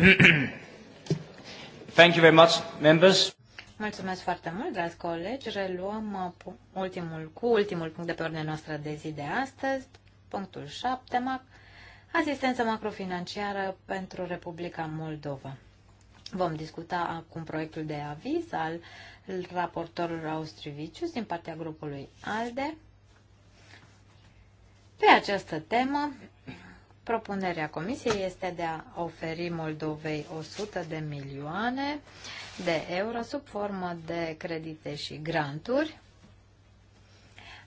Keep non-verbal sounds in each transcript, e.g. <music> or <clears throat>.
<clears throat> Thank you very much, members. Mulțumesc foarte mult, dragi colegi. Reluăm uh, ultimul, cu ultimul punct de pe ordinea noastră de zi de astăzi, punctul 7, MAC, asistență macrofinanciară pentru Republica Moldova. Vom discuta acum proiectul de aviz al raportorului Austrivicius din partea grupului ALDE pe această temă. Propunerea Comisiei este de a oferi Moldovei 100 de milioane de euro sub formă de credite și granturi.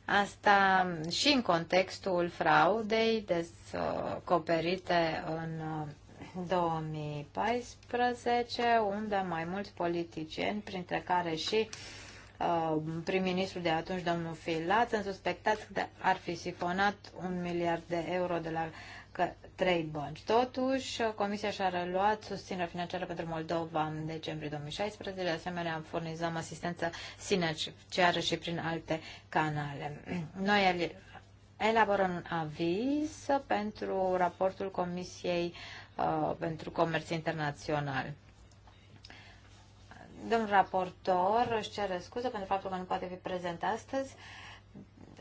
Asta și în contextul fraudei descoperite în 2014, unde mai mulți politicieni, printre care și uh, prim ministrul de atunci, domnul Filat, sunt suspectați că ar fi sifonat un miliard de euro de la trei bănci. Totuși, Comisia și-a reluat susținerea financiară pentru Moldova în decembrie 2016. De asemenea, furnizăm asistență sinergiară și prin alte canale. Noi elaborăm un aviz pentru raportul Comisiei uh, pentru Comerț Internațional. Domnul raportor își cere scuze pentru faptul că nu poate fi prezent astăzi. Uh,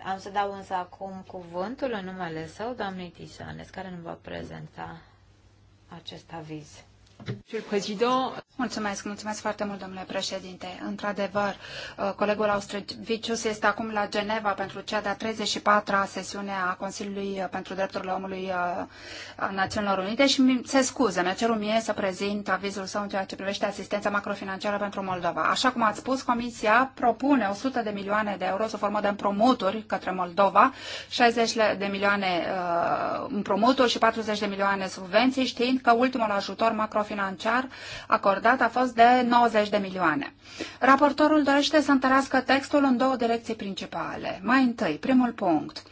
am să dau însă acum cuvântul în numele său, doamnei Tisanes, care nu va prezenta acest aviz. Mulțumesc, mulțumesc foarte mult, domnule președinte. Într-adevăr, uh, colegul Austrevicius este acum la Geneva pentru cea de-a 34-a sesiune a Consiliului uh, pentru Drepturile Omului uh, a Națiunilor Unite și se scuză, mi-a cerut mie să prezint avizul său în ceea ce privește asistența macrofinanciară pentru Moldova. Așa cum ați spus, Comisia propune 100 de milioane de euro sub formă de împrumuturi către Moldova, 60 de milioane împrumuturi și 40 de milioane subvenții, știind că ultimul ajutor macrofinanciar acordat acordat a fost de 90 de milioane. Raportorul dorește să întărească textul în două direcții principale. Mai întâi, primul punct –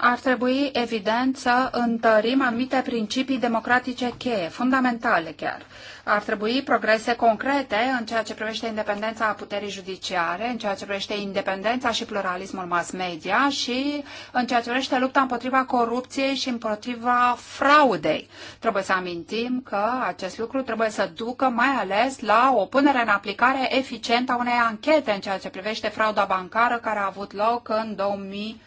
ar trebui, evident, să întărim anumite principii democratice cheie, fundamentale chiar. Ar trebui progrese concrete în ceea ce privește independența a puterii judiciare, în ceea ce privește independența și pluralismul mass media și în ceea ce privește lupta împotriva corupției și împotriva fraudei. Trebuie să amintim că acest lucru trebuie să ducă mai ales la o punere în aplicare eficientă a unei anchete în ceea ce privește frauda bancară care a avut loc în 2000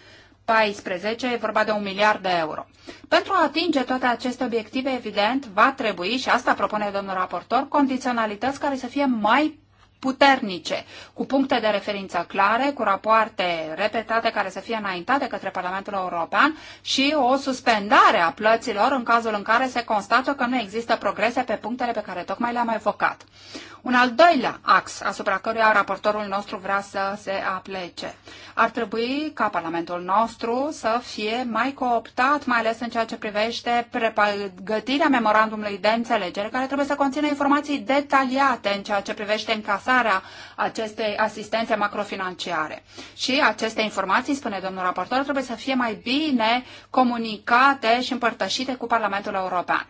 2014, e vorba de un miliard de euro. Pentru a atinge toate aceste obiective, evident, va trebui, și asta propune domnul raportor, condiționalități care să fie mai puternice, cu puncte de referință clare, cu rapoarte repetate care să fie înaintate către Parlamentul European și o suspendare a plăților în cazul în care se constată că nu există progrese pe punctele pe care tocmai le-am evocat. Un al doilea ax asupra căruia raportorul nostru vrea să se aplece. Ar trebui ca Parlamentul nostru să fie mai cooptat, mai ales în ceea ce privește pregătirea memorandumului de înțelegere, care trebuie să conțină informații detaliate în ceea ce privește încasarea acestei asistențe macrofinanciare. Și aceste informații, spune domnul raportor, trebuie să fie mai bine comunicate și împărtășite cu Parlamentul European.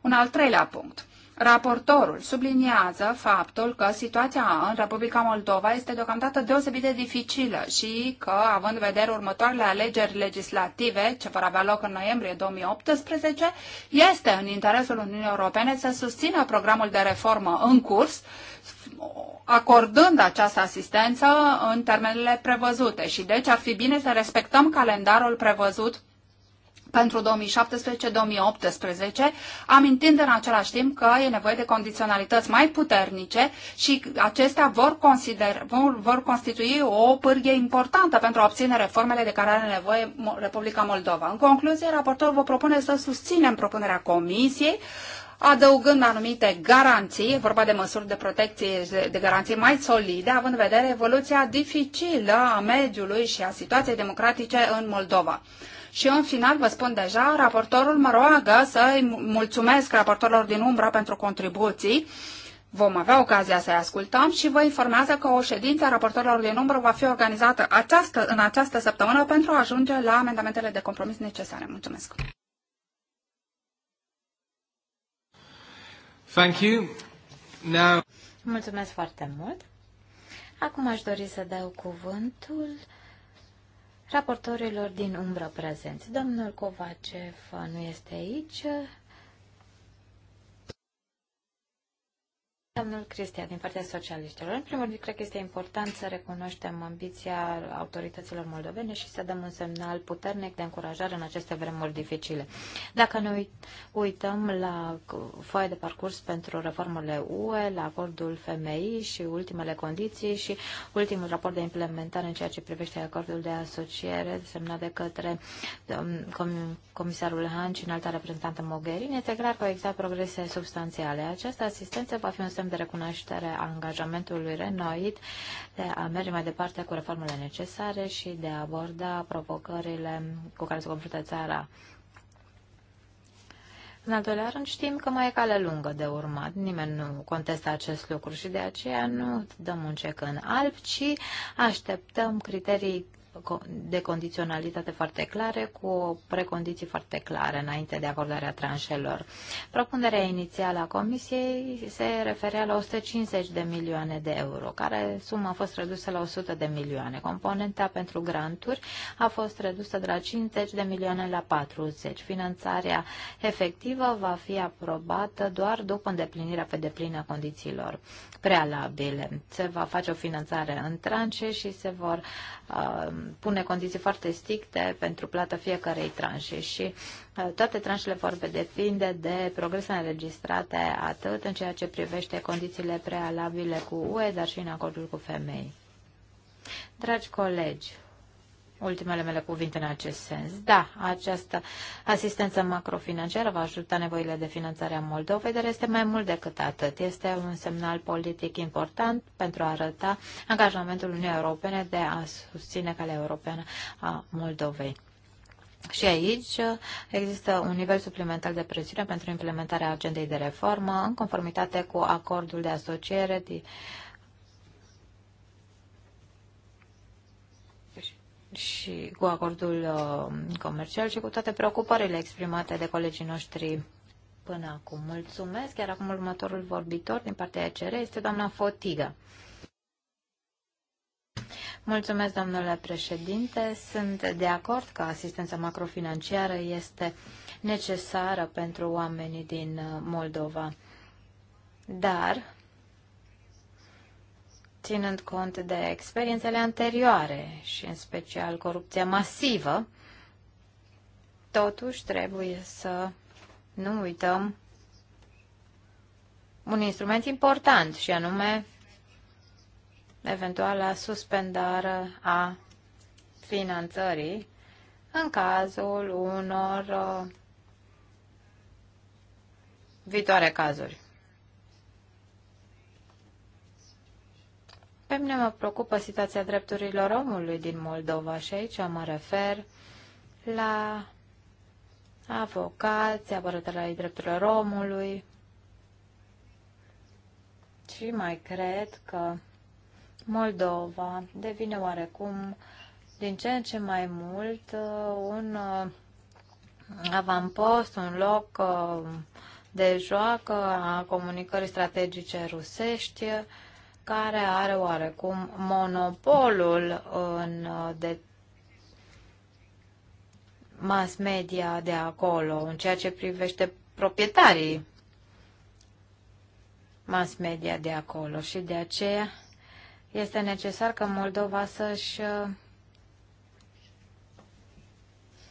Un al treilea punct. Raportorul subliniază faptul că situația în Republica Moldova este deocamdată deosebit de dificilă și că, având în vedere următoarele alegeri legislative ce vor avea loc în noiembrie 2018, este în interesul Uniunii Europene să susțină programul de reformă în curs, acordând această asistență în termenele prevăzute și deci ar fi bine să respectăm calendarul prevăzut pentru 2017-2018, amintind în același timp că e nevoie de condiționalități mai puternice și acestea vor, consider, vor, vor constitui o pârghie importantă pentru a obține reformele de care are nevoie Republica Moldova. În concluzie, raportorul vă propune să susținem propunerea Comisiei adăugând anumite garanții, e vorba de măsuri de protecție, de garanții mai solide, având în vedere evoluția dificilă a mediului și a situației democratice în Moldova. Și în final vă spun deja, raportorul mă roagă să-i mulțumesc raportorilor din Umbra pentru contribuții. Vom avea ocazia să-i ascultăm și vă informează că o ședință a raportorilor din umbră va fi organizată această, în această săptămână pentru a ajunge la amendamentele de compromis necesare. Mulțumesc! Thank you. Now... Mulțumesc foarte mult! Acum aș dori să dau cuvântul raportorilor din umbră prezenți. Domnul Covacev nu este aici, Domnul Cristian, din partea socialiștilor, în primul rând, cred că este important să recunoaștem ambiția autorităților moldovene și să dăm un semnal puternic de încurajare în aceste vremuri dificile. Dacă ne uităm la foaia de parcurs pentru reformele UE, la acordul FMI și ultimele condiții și ultimul raport de implementare în ceea ce privește acordul de asociere semnat de către um, comisarul Han și înalta reprezentantă Mogherini, este clar că au existat progrese substanțiale. Această asistență va fi un semn semn de recunoaștere a angajamentului renoit de a merge mai departe cu reformele necesare și de a aborda provocările cu care se confruntă țara. În al doilea rând, știm că mai e cale lungă de urmat. Nimeni nu contestă acest lucru și de aceea nu dăm un cec în alb, ci așteptăm criterii de condiționalitate foarte clare cu precondiții foarte clare înainte de acordarea tranșelor. Propunerea inițială a Comisiei se referea la 150 de milioane de euro, care suma a fost redusă la 100 de milioane. Componenta pentru granturi a fost redusă de la 50 de milioane la 40. Finanțarea efectivă va fi aprobată doar după îndeplinirea pe deplină condițiilor prealabile. Se va face o finanțare în tranșe și se vor uh, pune condiții foarte stricte pentru plata fiecarei tranșe și uh, toate tranșele vor depinde de progresele înregistrate atât în ceea ce privește condițiile prealabile cu UE, dar și în acordul cu femei. Dragi colegi, ultimele mele cuvinte în acest sens. Da, această asistență macrofinanciară va ajuta nevoile de finanțare a Moldovei, dar este mai mult decât atât. Este un semnal politic important pentru a arăta angajamentul Uniunii Europene de a susține calea europeană a Moldovei. Și aici există un nivel suplimentar de presiune pentru implementarea agendei de reformă în conformitate cu acordul de asociere și cu acordul uh, comercial și cu toate preocupările exprimate de colegii noștri până acum. Mulțumesc, iar acum următorul vorbitor din partea ECR este doamna Fotiga. Mulțumesc, domnule președinte. Sunt de acord că asistența macrofinanciară este necesară pentru oamenii din uh, Moldova. Dar ținând cont de experiențele anterioare și în special corupția masivă, totuși trebuie să nu uităm un instrument important și anume eventuala suspendare a finanțării în cazul unor uh, viitoare cazuri. Pe mine mă preocupă situația drepturilor omului din Moldova și aici mă refer la avocați, apărătorii drepturilor omului și mai cred că Moldova devine oarecum din ce în ce mai mult uh, un uh, avampost, un loc uh, de joacă a comunicării strategice rusești care are oarecum monopolul în uh, de mass media de acolo, în ceea ce privește proprietarii mass media de acolo și de aceea este necesar că Moldova să-și uh,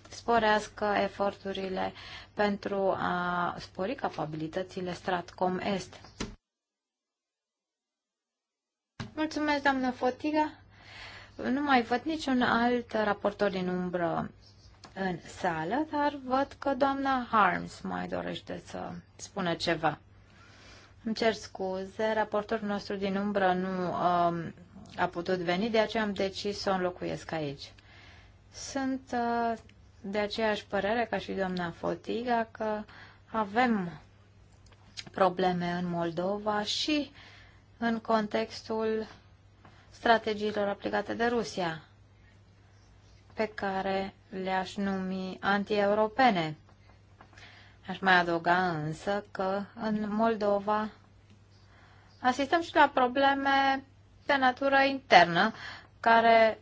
sporească eforturile pentru a spori capabilitățile Stratcom Est. Mulțumesc, doamnă Fotiga. Nu mai văd niciun alt raportor din umbră în sală, dar văd că doamna Harms mai dorește să spună ceva. Îmi cer scuze, raportorul nostru din umbră nu um, a putut veni, de aceea am decis să o înlocuiesc aici. Sunt uh, de aceeași părere ca și doamna Fotiga că avem probleme în Moldova și uh, în contextul strategiilor aplicate de Rusia, pe care le-aș numi anti-europene. Aș mai adăuga însă că în Moldova asistăm și la probleme de natură internă, care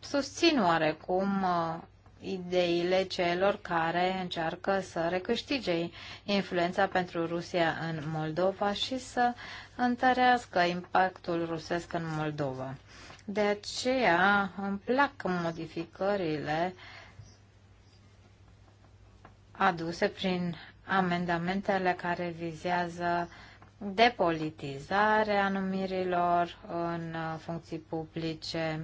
susțin oarecum uh, ideile celor care încearcă să recâștige influența pentru Rusia în Moldova și să întărească impactul rusesc în Moldova. De aceea îmi plac modificările aduse prin amendamentele care vizează depolitizarea numirilor în funcții publice,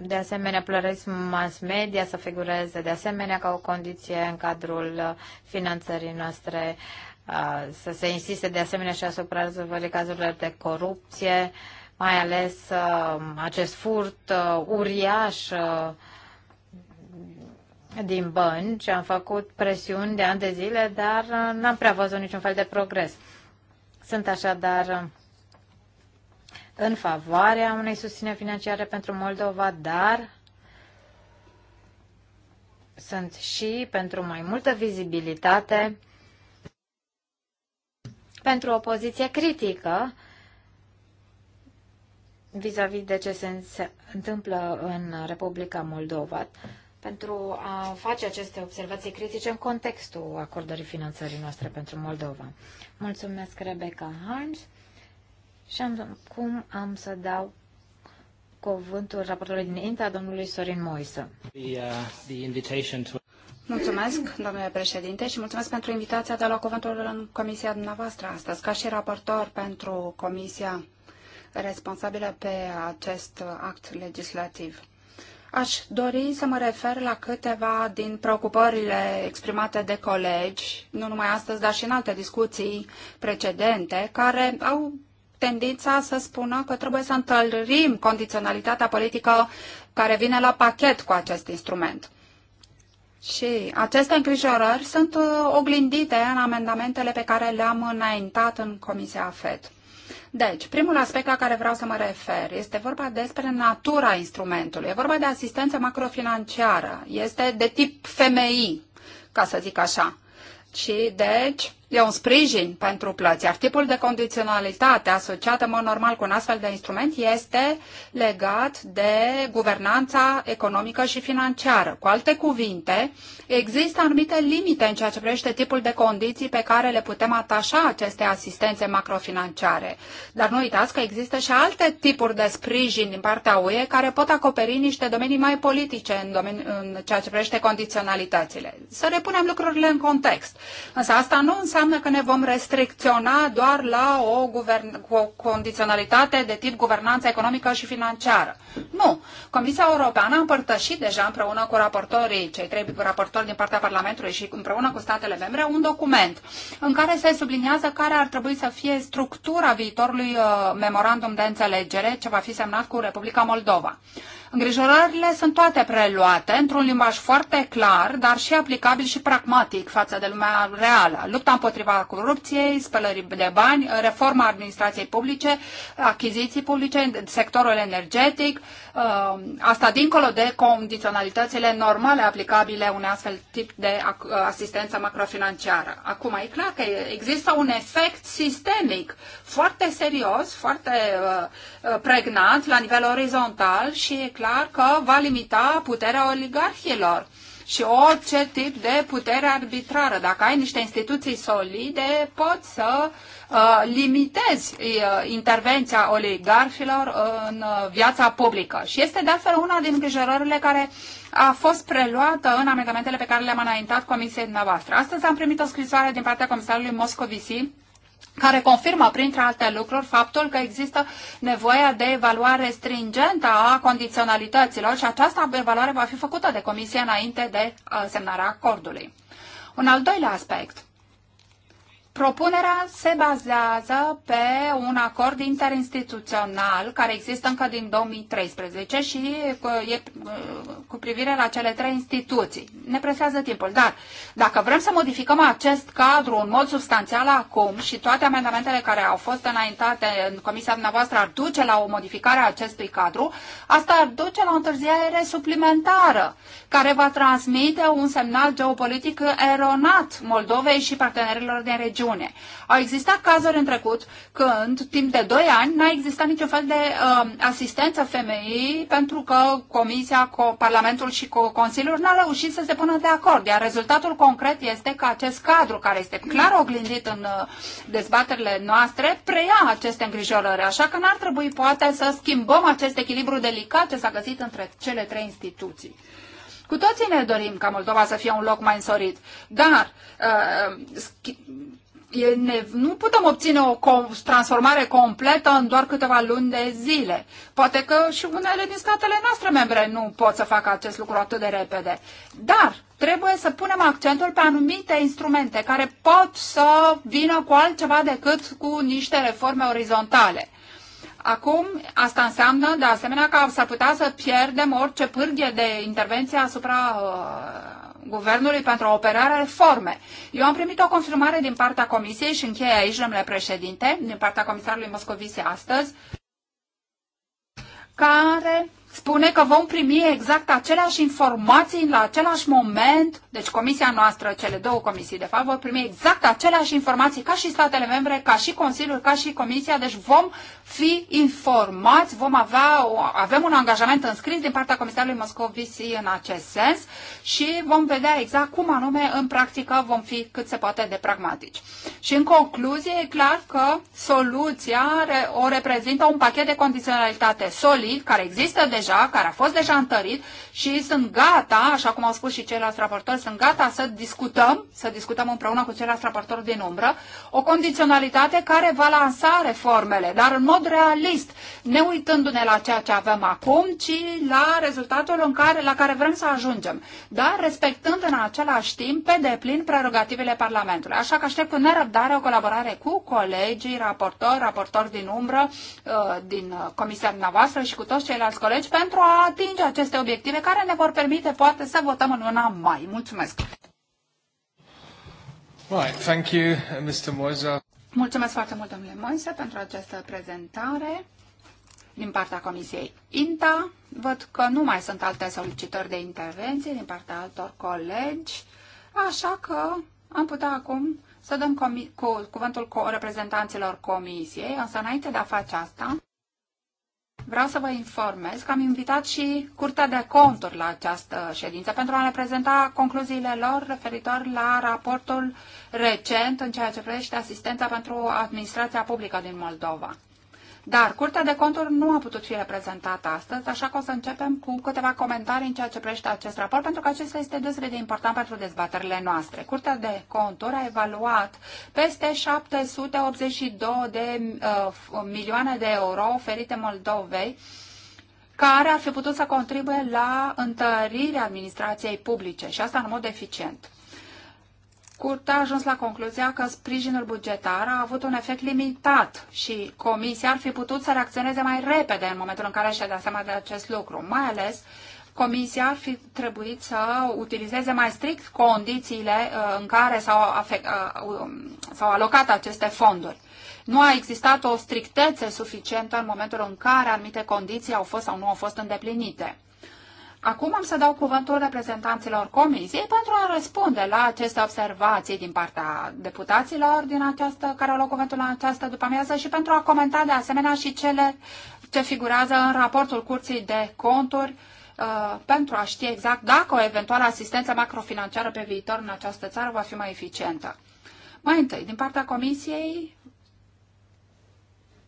De asemenea, pluralism mass media să figureze de asemenea ca o condiție în cadrul uh, finanțării noastre, uh, să se insiste de asemenea și asupra rezolvării cazurilor de corupție, mai ales uh, acest furt uriaș din bănci. Am făcut presiuni de ani de zile, dar n-am prea văzut niciun fel de progres. Sunt așadar în favoarea unei susține financiare pentru Moldova, dar sunt și pentru mai multă vizibilitate pentru o poziție critică vis-a-vis -vis de ce se întâmplă în Republica Moldova pentru a face aceste observații critice în contextul acordării finanțării noastre pentru Moldova. Mulțumesc, Rebecca Harms. Și am, cum am să dau cuvântul raportului din INTA, domnului Sorin Moisă. The, uh, the invitation to... Mulțumesc, domnule președinte, și mulțumesc pentru invitația de la cuvântul în comisia dumneavoastră astăzi. Ca și raportor pentru comisia responsabilă pe acest act legislativ. Aș dori să mă refer la câteva din preocupările exprimate de colegi, nu numai astăzi, dar și în alte discuții precedente, care au tendința să spună că trebuie să întâlnim condiționalitatea politică care vine la pachet cu acest instrument. Și aceste îngrijorări sunt uh, oglindite în amendamentele pe care le-am înaintat în Comisia FED. Deci, primul aspect la care vreau să mă refer este vorba despre natura instrumentului. E vorba de asistență macrofinanciară. Este de tip FMI, ca să zic așa. Și, deci, e un sprijin pentru plăți. Iar tipul de condiționalitate asociată, în mod normal, cu un astfel de instrument este legat de guvernanța economică și financiară. Cu alte cuvinte, există anumite limite în ceea ce privește tipul de condiții pe care le putem atașa aceste asistențe macrofinanciare. Dar nu uitați că există și alte tipuri de sprijin din partea UE care pot acoperi niște domenii mai politice în, domeni, în ceea ce privește condiționalitățile. Să repunem lucrurile în context. Însă asta nu înseamnă înseamnă că ne vom restricționa doar la o, o condiționalitate de tip guvernanță economică și financiară. Nu. Comisia Europeană a împărtășit deja împreună cu raportorii, cei trei raportori din partea Parlamentului și împreună cu statele membre, un document în care se subliniază care ar trebui să fie structura viitorului uh, memorandum de înțelegere ce va fi semnat cu Republica Moldova. Îngrijorările sunt toate preluate într-un limbaj foarte clar, dar și aplicabil și pragmatic față de lumea reală. Lupta împotriva corupției, spălării de bani, reforma administrației publice, achiziții publice, sectorul energetic, uh, asta dincolo de condiționalitățile normale aplicabile unei astfel tip de asistență macrofinanciară. Acum, e clar că există un efect sistemic foarte serios, foarte uh, uh, pregnant la nivel orizontal și e clar că va limita puterea oligarhilor și orice tip de putere arbitrară. Dacă ai niște instituții solide, poți să uh, limitezi uh, intervenția oligarhilor în uh, viața publică. Și este de altfel una din îngrijorările care a fost preluată în amendamentele pe care le-am înaintat Comisiei dumneavoastră. Astăzi am primit o scrisoare din partea comisarului Moscovici care confirmă, printre alte lucruri, faptul că există nevoia de evaluare stringentă a condiționalităților și această evaluare va fi făcută de Comisie înainte de uh, semnarea acordului. Un al doilea aspect Propunerea se bazează pe un acord interinstituțional care există încă din 2013 și uh, e uh, cu privire la cele trei instituții. Ne presează timpul, dar dacă vrem să modificăm acest cadru în mod substanțial acum și toate amendamentele care au fost înaintate în comisia dumneavoastră ar duce la o modificare a acestui cadru, asta ar duce la o întârziere suplimentară care va transmite un semnal geopolitic eronat Moldovei și partenerilor din regiune regiune. Au existat cazuri în trecut când, timp de 2 ani, n-a existat niciun fel de uh, asistență femeii pentru că Comisia, Parlamentul și Consiliul n-au reușit să se pună de acord. Iar rezultatul concret este că acest cadru, care este clar oglindit în uh, dezbaterile noastre, preia aceste îngrijorări. Așa că n-ar trebui poate să schimbăm acest echilibru delicat ce s-a găsit între cele trei instituții. Cu toții ne dorim ca Moldova să fie un loc mai însorit, dar uh, um, e ne- nu putem obține o com- transformare completă în doar câteva luni de zile. Poate că și unele din statele noastre membre nu pot să facă acest lucru atât de repede. Dar trebuie să punem accentul pe anumite instrumente care pot să vină cu altceva decât cu niște reforme orizontale. Acum, asta înseamnă, de asemenea, că s-ar putea să pierdem orice pârghie de intervenție asupra uh, guvernului pentru a opera reforme. Eu am primit o confirmare din partea Comisiei și încheie aici, domnule președinte, din partea comisarului Moscovici astăzi, care spune că vom primi exact aceleași informații la același moment, deci comisia noastră, cele două comisii de fapt, vor primi exact aceleași informații ca și statele membre, ca și Consiliul, ca și comisia, deci vom fi informați, vom avea, avem un angajament înscris din partea comisarului Moscovici în acest sens și vom vedea exact cum anume în practică vom fi cât se poate de pragmatici. Și în concluzie e clar că soluția o reprezintă un pachet de condiționalitate solid care există deja deja, care a fost deja întărit și sunt gata, așa cum au spus și ceilalți raportori, sunt gata să discutăm, să discutăm împreună cu ceilalți raportori din umbră, o condiționalitate care va lansa reformele, dar în mod realist, ne uitându-ne la ceea ce avem acum, ci la rezultatul în care, la care vrem să ajungem, dar respectând în același timp pe deplin prerogativele Parlamentului. Așa că aștept cu nerăbdare o colaborare cu colegii, raportori, raportori din umbră, uh, din uh, comisia noastră și cu toți ceilalți colegi, pentru a atinge aceste obiective care ne vor permite poate să votăm în luna mai. Mulțumesc! Right, thank you, Mr. Moisa. Mulțumesc foarte mult, domnule Moise, pentru această prezentare din partea Comisiei INTA. Văd că nu mai sunt alte solicitări de intervenție din partea altor colegi, așa că am putea acum să dăm cu cuvântul reprezentanților Comisiei, însă înainte de a face asta, Vreau să vă informez că am invitat și Curtea de Conturi la această ședință pentru a ne prezenta concluziile lor referitor la raportul recent în ceea ce privește asistența pentru administrația publică din Moldova. Dar Curtea de Conturi nu a putut fi reprezentată astăzi, așa că o să începem cu câteva comentarii în ceea ce privește acest raport, pentru că acesta este deosebit de important pentru dezbaterile noastre. Curtea de Conturi a evaluat peste 782 de uh, milioane de euro oferite Moldovei, care ar fi putut să contribuie la întărirea administrației publice și asta în mod eficient scurt, a ajuns la concluzia că sprijinul bugetar a avut un efect limitat și Comisia ar fi putut să reacționeze mai repede în momentul în care și-a dat seama de acest lucru, mai ales Comisia ar fi trebuit să utilizeze mai strict condițiile uh, în care uh, um, s-au, alocat aceste fonduri. Nu a existat o strictețe suficientă în momentul în care anumite condiții au fost sau nu au fost îndeplinite. Acum am să dau cuvântul reprezentanților comisiei pentru a răspunde la aceste observații din partea deputaților din această, care au luat cuvântul în această după-amiază și pentru a comenta de asemenea și cele ce figurează în raportul Curții de Conturi uh, pentru a ști exact dacă o eventuală asistență macrofinanciară pe viitor în această țară va fi mai eficientă. Mai întâi, din partea comisiei,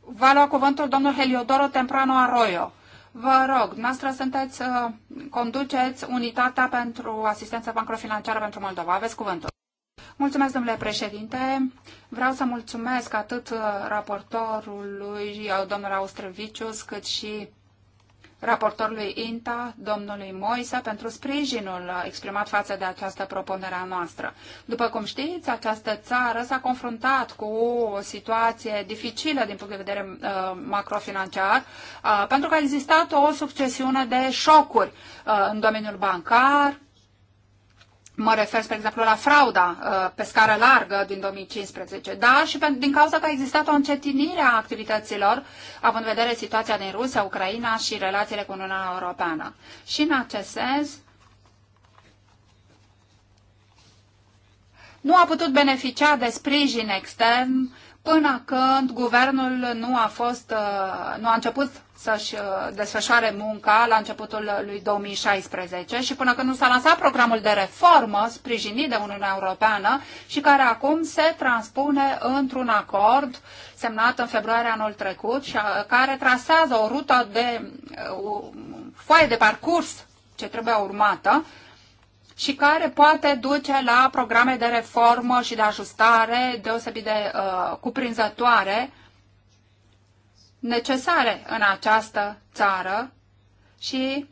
va lua cuvântul domnul Heliodoro Temprano Arroyo, Vă rog, dumneavoastră sunteți, uh, conduceți unitatea pentru asistență bancrofinanciară pentru Moldova. Aveți cuvântul. Mulțumesc, domnule președinte. Vreau să mulțumesc atât uh, raportorului, uh, domnul Austrevicius, cât și raportorului INTA, domnului Moisa, pentru sprijinul exprimat față de această propunere a noastră. După cum știți, această țară s-a confruntat cu o situație dificilă din punct de vedere uh, macrofinanciar, uh, pentru că a existat o succesiune de șocuri uh, în domeniul bancar, Mă refer, spre exemplu, la frauda uh, pe scară largă din 2015, dar și din cauza că a existat o încetinire a activităților, având în vedere situația din Rusia, Ucraina și relațiile cu Uniunea Europeană. Și în acest sens, nu a putut beneficia de sprijin extern până când guvernul nu a, fost, uh, nu a început să-și uh, desfășoare munca la începutul uh, lui 2016 și până când nu s-a lansat programul de reformă sprijinit de Uniunea Europeană și care acum se transpune într-un acord semnat în februarie anul trecut și uh, care trasează o rută de o foaie de parcurs ce trebuie urmată și care poate duce la programe de reformă și de ajustare deosebit de uh, cuprinzătoare necesare în această țară și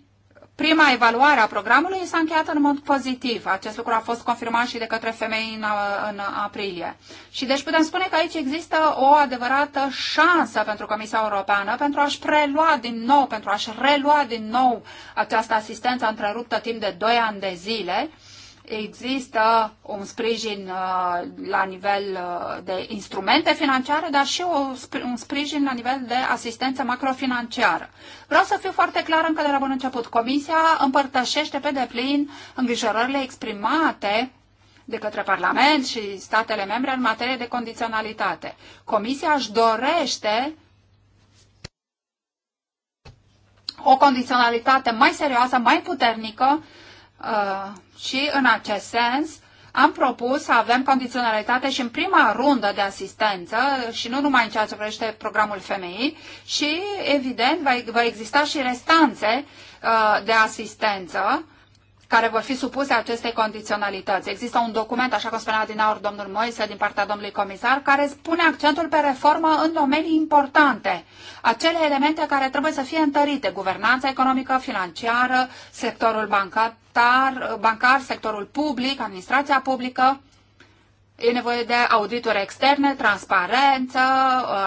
prima evaluare a programului s-a încheiat în mod pozitiv. Acest lucru a fost confirmat și de către femei în, în aprilie. Și deci putem spune că aici există o adevărată șansă pentru Comisia Europeană pentru a-și prelua din nou, pentru a-și relua din nou această asistență întreruptă timp de 2 ani de zile există un sprijin uh, la nivel uh, de instrumente financiare, dar și un sprijin la nivel de asistență macrofinanciară. Vreau să fiu foarte clar încă de la bun început. Comisia împărtășește pe deplin îngrijorările exprimate de către Parlament și statele membre în materie de condiționalitate. Comisia își dorește o condiționalitate mai serioasă, mai puternică Uh, și în acest sens am propus să avem condiționalitate și în prima rundă de asistență și nu numai în ceea ce privește programul femeii și evident va, va exista și restanțe uh, de asistență care vor fi supuse acestei condiționalități. Există un document, așa cum spunea din aur domnul Moise, din partea domnului comisar, care pune accentul pe reformă în domenii importante. Acele elemente care trebuie să fie întărite, guvernanța economică, financiară, sectorul bancar, bancar, bancar, sectorul public, administrația publică. E nevoie de audituri externe, transparență,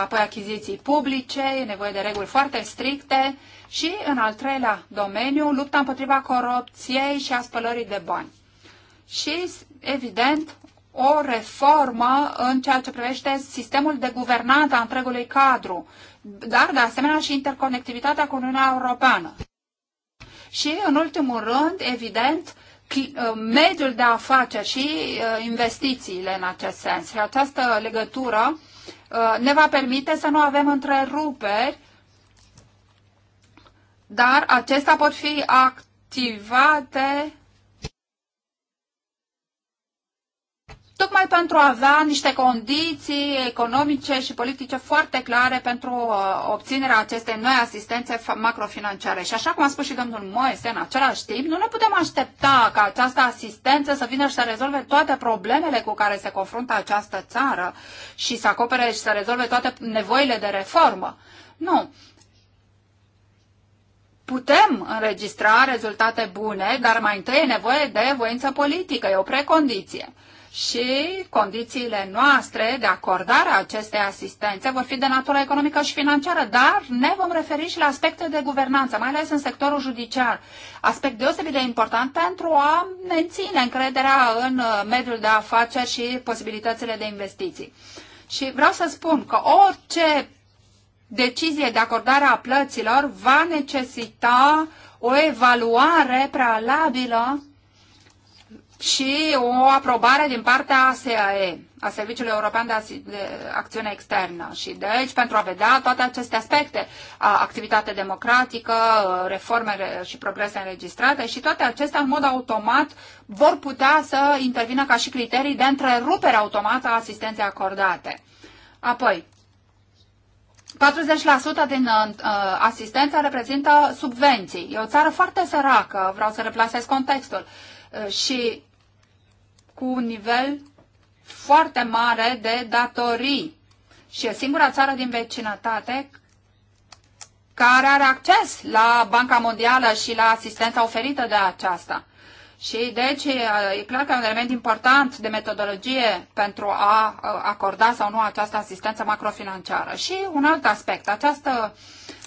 apoi achiziții publice, e nevoie de reguli foarte stricte și, în al treilea domeniu, lupta împotriva corupției și a spălării de bani. Și, evident, o reformă în ceea ce privește sistemul de guvernanță a întregului cadru, dar, de asemenea, și interconectivitatea cu Uniunea Europeană și, în ultimul rând, evident, uh, mediul de afaceri și uh, investițiile în acest sens. Și această legătură uh, ne va permite să nu avem întreruperi, dar acestea pot fi activate tocmai pentru a avea niște condiții economice și politice foarte clare pentru uh, obținerea acestei noi asistențe macrofinanciare. Și așa cum a spus și domnul Moise, în același timp, nu ne putem aștepta ca această asistență să vină și să rezolve toate problemele cu care se confruntă această țară și să acopere și să rezolve toate nevoile de reformă. Nu putem înregistra rezultate bune, dar mai întâi e nevoie de voință politică, e o precondiție și condițiile noastre de acordare a acestei asistențe vor fi de natură economică și financiară, dar ne vom referi și la aspecte de guvernanță, mai ales în sectorul judiciar, aspect deosebit de important pentru a menține încrederea în uh, mediul de afaceri și posibilitățile de investiții. Și vreau să spun că orice decizie de acordare a plăților va necesita o evaluare prealabilă și o aprobare din partea ASAE, a Serviciului European de Acțiune Externă. Și deci, pentru a vedea toate aceste aspecte, activitate democratică, reforme și progrese înregistrate și toate acestea, în mod automat, vor putea să intervină ca și criterii de întrerupere automată a asistenței acordate. Apoi, 40% din uh, uh, asistență reprezintă subvenții. E o țară foarte săracă, vreau să replasez contextul. Uh, și cu un nivel foarte mare de datorii și e singura țară din vecinătate care are acces la Banca Mondială și la asistența oferită de aceasta. Și deci e clar că e un element important de metodologie pentru a acorda sau nu această asistență macrofinanciară. Și un alt aspect, această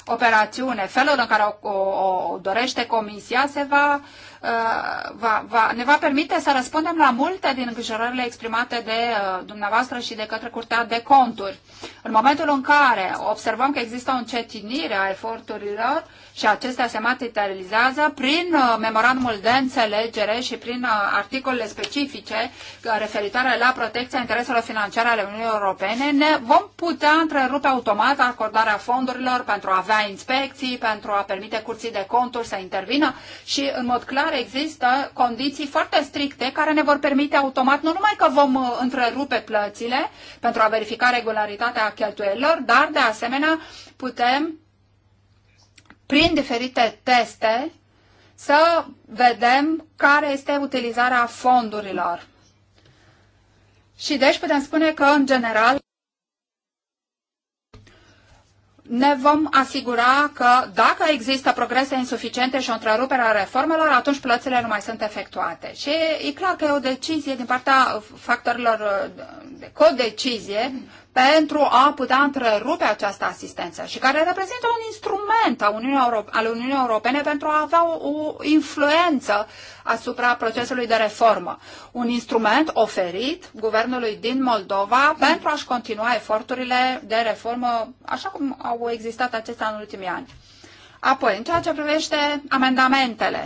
operațiune, felul în care o, o, o dorește Comisia, se va Uh, va, va, ne va permite să răspundem la multe din îngrijorările exprimate de uh, dumneavoastră și de către Curtea de Conturi. În momentul în care observăm că există o încetinire a eforturilor, uh, și acestea se materializează prin uh, memorandumul de înțelegere și prin uh, articolele specifice uh, referitoare la protecția intereselor financiare ale Uniunii Europene, ne vom putea întrerupe automat acordarea fondurilor pentru a avea inspecții, pentru a permite curții de conturi să intervină și, în mod clar, există condiții foarte stricte care ne vor permite automat nu numai că vom întrerupe plățile pentru a verifica regularitatea cheltuielilor, dar, de asemenea, putem prin diferite teste, să vedem care este utilizarea fondurilor. Și deci putem spune că, în general, ne vom asigura că dacă există progrese insuficiente și o întrerupere a reformelor, atunci plățile nu mai sunt efectuate. Și e clar că e o decizie din partea factorilor de codecizie pentru a putea întrerupe această asistență și care reprezintă un instrument al Uniunii Euro- al Uniunii Europene pentru a avea o, o influență asupra procesului de reformă. Un instrument oferit guvernului din Moldova pentru a-și continua eforturile de reformă așa cum au existat acestea în ultimii ani. Apoi, în ceea ce privește amendamentele,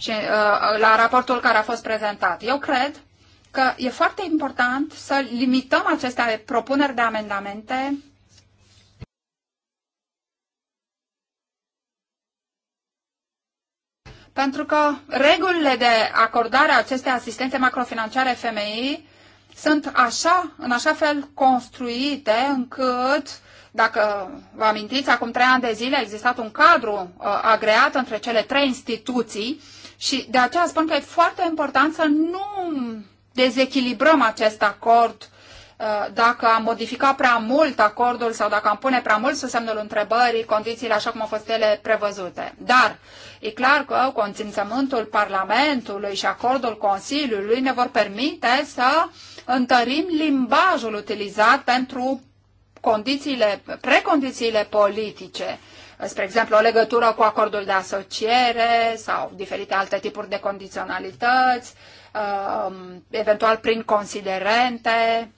și uh, la raportul care a fost prezentat. Eu cred că e foarte important să limităm aceste propuneri de amendamente pentru că regulile de acordare a acestei asistențe macrofinanciare FMI sunt așa, în așa fel construite încât dacă vă amintiți, acum trei ani de zile a existat un cadru uh, agreat între cele trei instituții și de aceea spun că e foarte important să nu dezechilibrăm acest acord uh, dacă am modificat prea mult acordul sau dacă am pune prea mult sub semnul întrebării condițiile așa cum au fost ele prevăzute. Dar e clar că conțințământul Parlamentului și acordul Consiliului ne vor permite să întărim limbajul utilizat pentru condițiile, precondițiile politice spre exemplu, o legătură cu acordul de asociere sau diferite alte tipuri de condiționalități, um, eventual prin considerente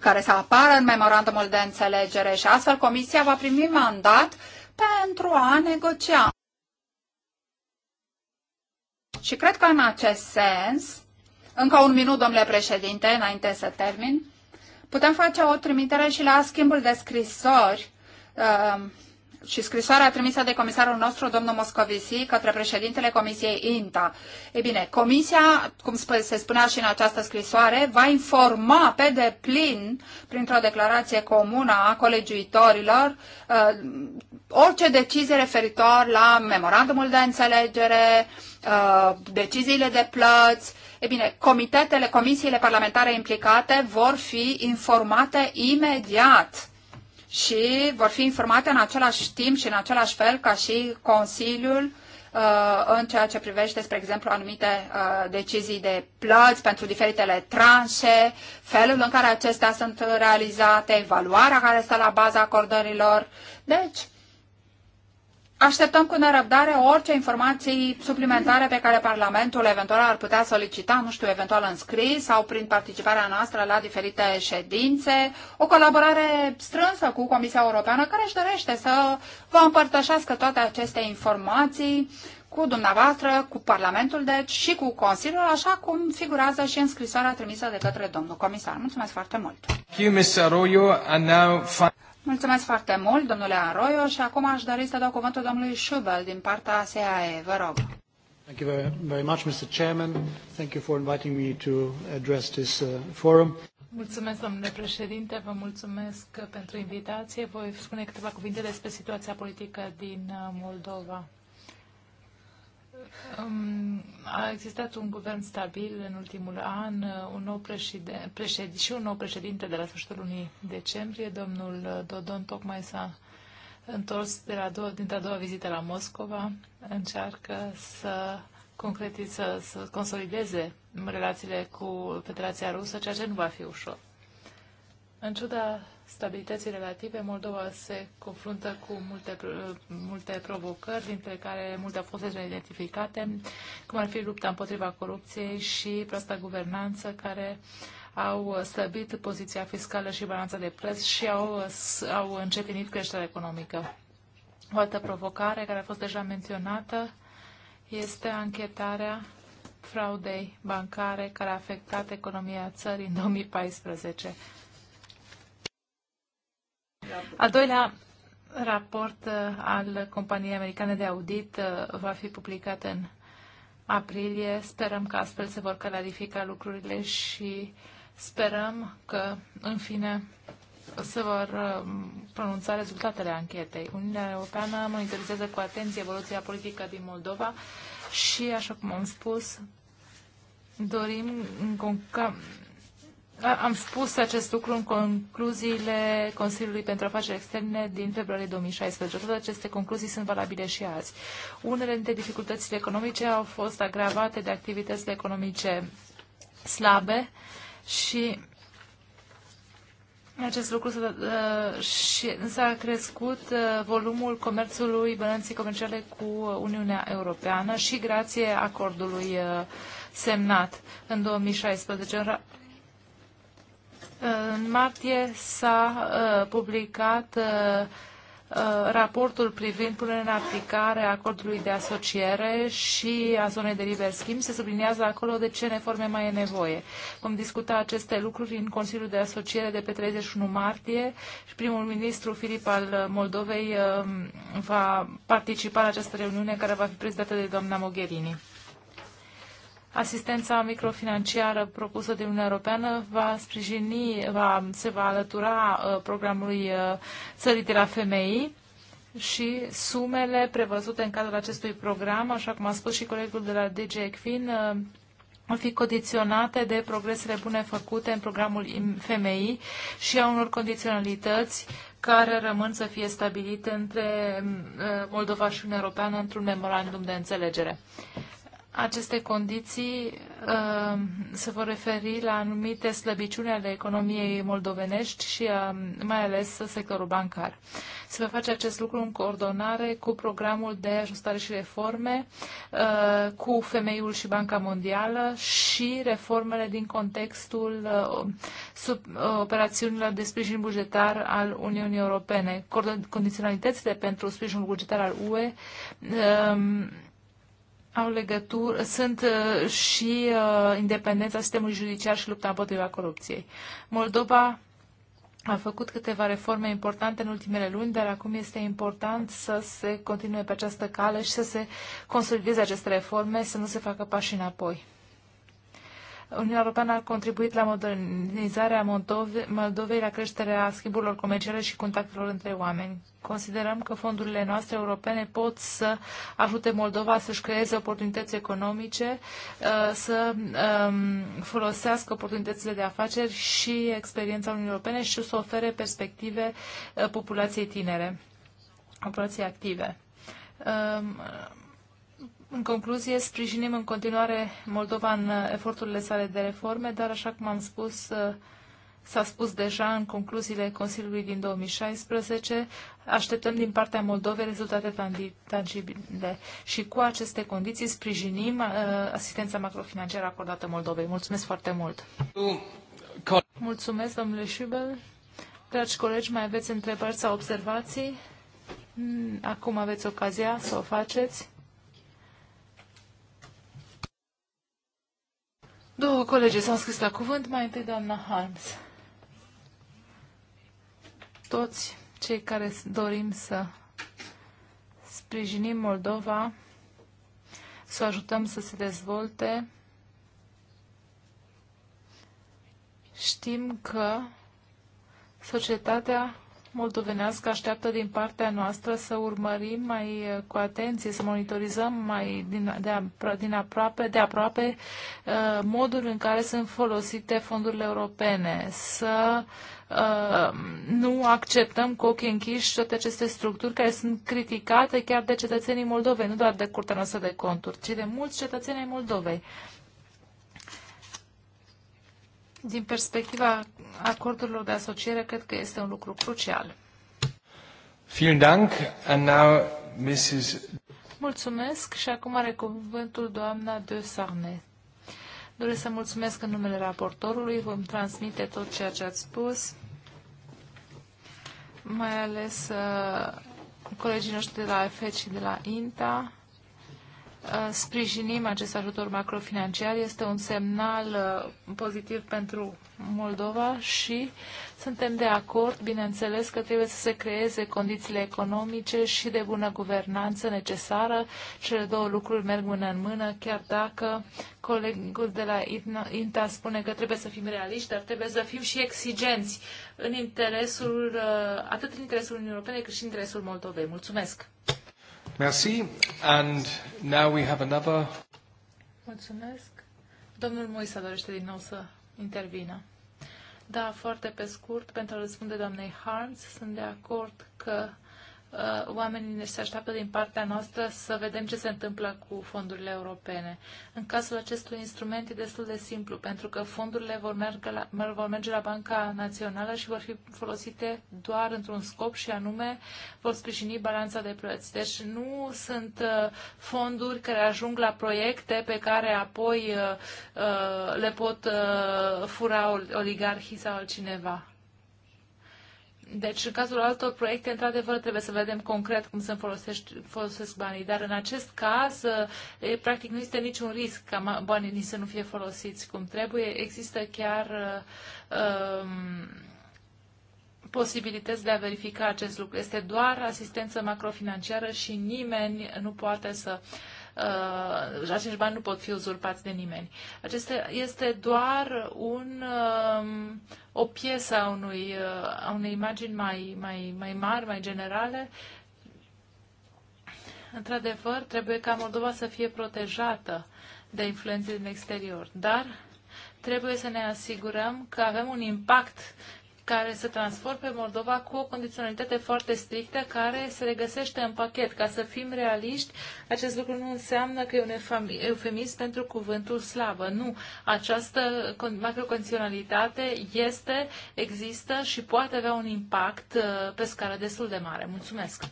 care să apară în memorandumul de înțelegere și astfel Comisia va primi mandat pentru a negocia. Și cred că în acest sens, încă un minut, domnule președinte, înainte să termin, putem face o trimitere și la schimbul de scrisori um, și scrisoarea trimisă de comisarul nostru, domnul Moscovici, către președintele Comisiei INTA. Ei bine, Comisia, cum se spunea și în această scrisoare, va informa pe deplin, printr-o declarație comună a colegiuitorilor, uh, orice decizie referitor la memorandumul de înțelegere, uh, deciziile de plăți. E bine, comitetele, comisiile parlamentare implicate vor fi informate imediat și vor fi informate în același timp și în același fel ca și Consiliul uh, în ceea ce privește, spre exemplu, anumite uh, decizii de plăți pentru diferitele tranșe, felul în care acestea sunt realizate, evaluarea care stă la baza acordărilor. Deci, Așteptăm cu nerăbdare orice informații suplimentare pe care Parlamentul eventual ar putea solicita, nu știu, eventual în scris sau prin participarea noastră la diferite ședințe, o colaborare strânsă cu Comisia Europeană care își dorește să vă împărtășească toate aceste informații cu dumneavoastră, cu Parlamentul, deci și cu Consiliul, așa cum figurează și în scrisoarea trimisă de către domnul comisar. Mulțumesc foarte mult! Mulțumesc foarte mult, domnule Arroyo, și acum aș dori să dau cuvântul domnului Schubel din partea SAE. Vă rog. Thank you very, very much, Mr. Chairman. Thank you for inviting me to address this uh, forum. Mulțumesc, domnule președinte, vă mulțumesc pentru invitație. Voi spune câteva cuvinte despre situația politică din uh, Moldova. Um, a existat un guvern stabil în ultimul an, uh, un nou președinte, președ, și un nou președinte de la sfârșitul lunii decembrie. Domnul Dodon tocmai s-a întors de la două, dintre a doua vizită la Moscova. Încearcă să concretizeze, să, să consolideze relațiile cu Federația Rusă, ceea ce nu va fi ușor. În ciuda stabilității relative, Moldova se confruntă cu multe, multe provocări, dintre care multe au fost deja identificate, cum ar fi lupta împotriva corupției și proasta guvernanță, care au slăbit poziția fiscală și balanța de plăți și au, au încetinit creșterea economică. O altă provocare care a fost deja menționată este anchetarea fraudei bancare care a afectat economia țării în 2014. Al doilea raport uh, al companiei americane de audit uh, va fi publicat în aprilie. Sperăm că astfel se vor clarifica lucrurile și sperăm că, în fine, se vor uh, pronunța rezultatele anchetei. Uniunea Europeană monitorizează cu atenție evoluția politică din Moldova și, așa cum am spus, dorim ca am spus acest lucru în concluziile Consiliului pentru Afaceri Externe din februarie 2016. Toate aceste concluzii sunt valabile și azi. Unele dintre dificultățile economice au fost agravate de activitățile economice slabe și acest lucru s-a, uh, s-a crescut uh, volumul comerțului, bănății comerciale cu Uniunea Europeană și grație acordului uh, semnat în 2016. În martie s-a uh, publicat uh, uh, raportul privind punerea în aplicare a acordului de asociere și a zonei de liber schimb. Se subliniază acolo de ce reforme mai e nevoie. Vom discuta aceste lucruri în Consiliul de Asociere de pe 31 martie și primul ministru Filip al Moldovei um, va participa la această reuniune care va fi prezidată de doamna Mogherini. Asistența microfinanciară propusă de Uniunea Europeană va sprijini, va, se va alătura uh, programului uh, țării de la femei și sumele prevăzute în cadrul acestui program, așa cum a spus și colegul de la DG ECFIN, uh, vor fi condiționate de progresele bune făcute în programul femei și a unor condiționalități care rămân să fie stabilite între Moldova și Uniunea Europeană într-un memorandum de înțelegere aceste condiții uh, se vor referi la anumite slăbiciuni ale economiei moldovenești și uh, mai ales sectorul bancar. Se va face acest lucru în coordonare cu programul de ajustare și reforme, uh, cu Femeiul și Banca Mondială și reformele din contextul sub operațiunilor de sprijin bugetar al Uniunii Europene. Condiționalitățile pentru sprijinul bugetar al UE au legătură, sunt uh, și uh, independența sistemului judiciar și lupta împotriva corupției. Moldova a făcut câteva reforme importante în ultimele luni, dar acum este important să se continue pe această cale și să se consolideze aceste reforme, să nu se facă pași înapoi. Uniunea Europeană a contribuit la modernizarea Moldovei, la creșterea schimburilor comerciale și contactelor între oameni. Considerăm că fondurile noastre europene pot să ajute Moldova să-și creeze oportunități economice, uh, să um, folosească oportunitățile de afaceri și experiența Uniunii Europene și să ofere perspective uh, populației tinere, populației active. Um, în concluzie, sprijinim în continuare Moldova în uh, eforturile sale de reforme, dar așa cum am spus, uh, s-a spus deja în concluziile Consiliului din 2016, așteptăm din partea Moldovei rezultate tangibile și cu aceste condiții sprijinim uh, asistența macrofinanciară acordată Moldovei. Mulțumesc foarte mult! Mulțumesc, domnule Șubel. Dragi colegi, mai aveți întrebări sau observații? Acum aveți ocazia să o faceți. Două colegi s-au scris la cuvânt, mai întâi doamna Harms. Toți cei care dorim să sprijinim Moldova, să o ajutăm să se dezvolte, știm că societatea moldovenească așteaptă din partea noastră să urmărim mai eh, cu atenție, să monitorizăm mai din, de, din aproape, de aproape eh, modul în care sunt folosite fondurile europene, să eh, nu acceptăm cu ochii închiși toate aceste structuri care sunt criticate chiar de cetățenii Moldovei, nu doar de Curtea noastră de conturi, ci de mulți cetățeni ai Moldovei. Din perspectiva acordurilor de asociere, cred că este un lucru crucial. Vielen Dank. And now Mrs. Mulțumesc și acum are cuvântul doamna de Sarnet. Doresc să mulțumesc în numele raportorului, vom transmite tot ceea ce ați spus, mai ales uh, colegii noștri de la EFET și de la INTA. Uh, sprijinim acest ajutor macrofinanciar. Este un semnal uh, pozitiv pentru Moldova și suntem de acord, bineînțeles, că trebuie să se creeze condițiile economice și de bună guvernanță necesară. Cele două lucruri merg mână în mână, chiar dacă colegul de la INTA spune că trebuie să fim realiști, dar trebuie să fim și exigenți în interesul, uh, atât în interesul Uniunii Europene cât și în interesul Moldovei. Mulțumesc! Merci. And now we have another... Mulțumesc. Domnul Moisa dorește din nou să intervină. Da, foarte pe scurt, pentru a răspunde doamnei Harms, sunt de acord că Uh, oamenii ne se așteaptă din partea noastră să vedem ce se întâmplă cu fondurile europene. În cazul acestui instrument e destul de simplu, pentru că fondurile vor merge la, vor merge la Banca Națională și vor fi folosite doar într-un scop și anume vor sprijini balanța de plăți. Deci nu sunt uh, fonduri care ajung la proiecte pe care apoi uh, le pot fura oligarhii sau altcineva. Deci, în cazul altor proiecte, într-adevăr, trebuie să vedem concret cum se folosesc banii, dar în acest caz, practic, nu există niciun risc ca banii nici să nu fie folosiți cum trebuie. Există chiar uh, um, posibilități de a verifica acest lucru. Este doar asistență macrofinanciară și nimeni nu poate să uh, uh, acești bani nu pot fi uzurpați de nimeni. Acesta este doar un, uh, o piesă a, unui, uh, a unei imagini mai, mai, mai mari, mai generale. Într-adevăr, trebuie ca Moldova să fie protejată de influențe din exterior, dar trebuie să ne asigurăm că avem un impact care se transforme Moldova cu o condiționalitate foarte strictă care se regăsește în pachet. Ca să fim realiști, acest lucru nu înseamnă că e un eufemism pentru cuvântul slavă. Nu. Această macrocondiționalitate este, există și poate avea un impact uh, pe scară destul de mare. Mulțumesc!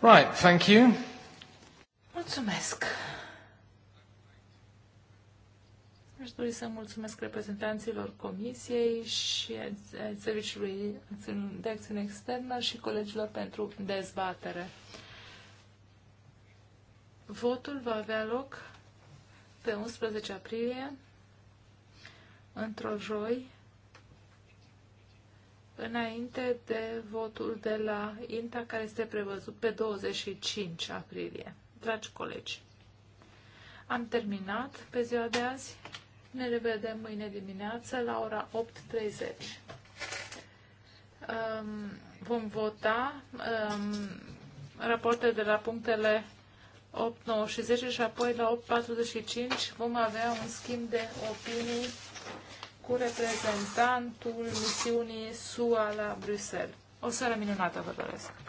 Right, thank you. Mulțumesc! Aș dori să mulțumesc reprezentanților Comisiei și Serviciului de Acțiune Externă și colegilor pentru dezbatere. Votul va avea loc pe 11 aprilie, într-o joi, înainte de votul de la INTA, care este prevăzut pe 25 aprilie. Dragi colegi, am terminat pe ziua de azi. Ne revedem mâine dimineață la ora 8.30. Um, vom vota um, rapoarte de la punctele 8, 9 și 10 și apoi la 8.45 vom avea un schimb de opinii cu reprezentantul misiunii SUA la Bruxelles. O seară minunată vă doresc!